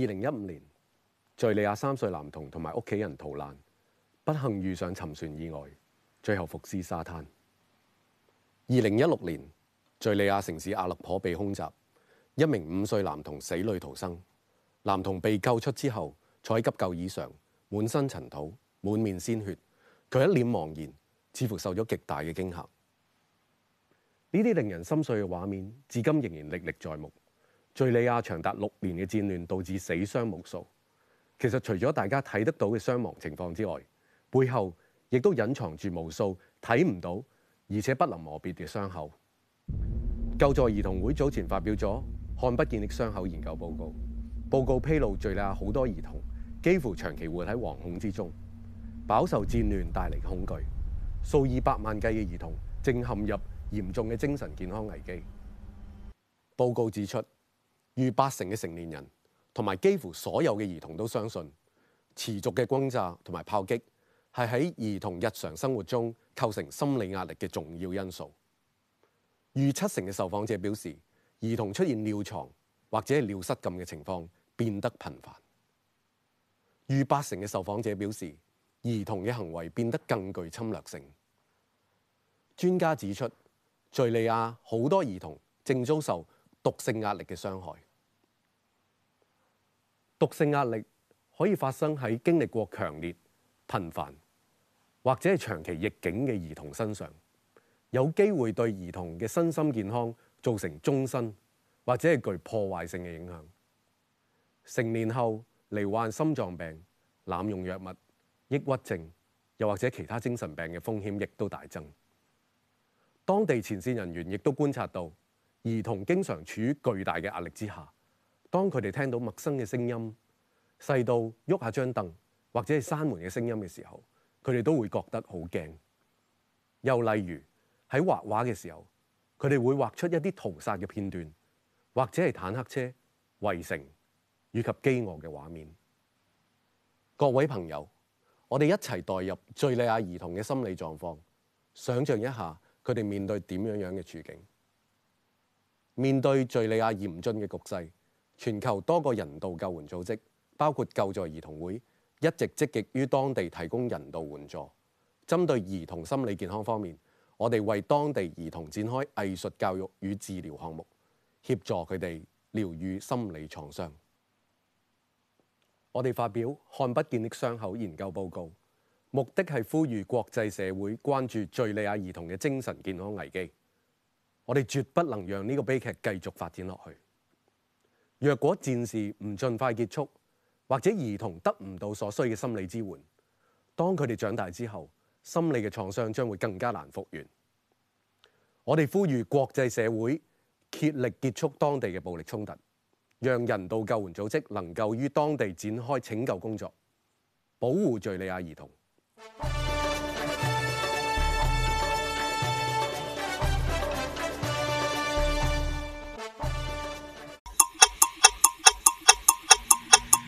二零一五年，敘利亞三歲男童同埋屋企人逃難，不幸遇上沉船意外，最後伏屍沙灘。二零一六年，敘利亞城市阿勒頗被空襲，一名五歲男童死裏逃生。男童被救出之後，坐喺急救椅上，滿身塵土，滿面鮮血，佢一臉茫然，似乎受咗極大嘅驚嚇。呢啲令人心碎嘅畫面，至今仍然歷歷在目。敍利亞長達六年嘅戰亂導致死傷無數。其實，除咗大家睇得到嘅傷亡情況之外，背後亦都隱藏住無數睇唔到而且不能磨滅嘅傷口。救助兒童會早前發表咗《看不見的傷口》研究報告，報告披露，敍利亞好多兒童幾乎長期活喺惶恐之中，飽受戰亂帶嚟嘅恐懼，數以百萬計嘅兒童正陷入嚴重嘅精神健康危機。報告指出，逾八成嘅成年人同埋幾乎所有嘅兒童都相信，持續嘅轟炸同埋炮擊係喺兒童日常生活中構成心理壓力嘅重要因素。逾七成嘅受訪者表示，兒童出現尿床或者尿失禁嘅情況變得頻繁。逾八成嘅受訪者表示，兒童嘅行為變得更具侵略性。專家指出，敘利亞好多兒童正遭受毒性壓力嘅傷害。毒性壓力可以發生喺經歷過強烈、頻繁或者係長期逆境嘅兒童身上，有機會對兒童嘅身心健康造成終身或者係具破壞性嘅影響。成年後罹患心臟病、濫用藥物、抑鬱症又或者其他精神病嘅風險亦都大增。當地前線人員亦都觀察到，兒童經常處於巨大嘅壓力之下。當佢哋聽到陌生嘅聲音，細到喐下張凳，或者係閂門嘅聲音嘅時候，佢哋都會覺得好驚。又例如喺畫畫嘅時候，佢哋會畫出一啲屠殺嘅片段，或者係坦克車圍城以及飢餓嘅畫面。各位朋友，我哋一齊代入敍利亞兒童嘅心理狀況，想像一下佢哋面對點樣樣嘅處境，面對敍利亞嚴峻嘅局勢。全球多個人道救援組織，包括救助兒童會，一直積極於當地提供人道援助。針對兒童心理健康方面，我哋為當地兒童展開藝術教育與治療項目，協助佢哋療癒心理創傷。我哋發表《看不見的傷口》研究報告，目的係呼籲國際社會關注敍利亞兒童嘅精神健康危機。我哋絕不能讓呢個悲劇繼續發展落去。若果戰事唔盡快結束，或者兒童得唔到所需嘅心理支援，當佢哋長大之後，心理嘅創傷將會更加難復原。我哋呼籲國際社會竭力結束當地嘅暴力衝突，讓人道救援組織能夠於當地展開拯救工作，保護敍利亞兒童。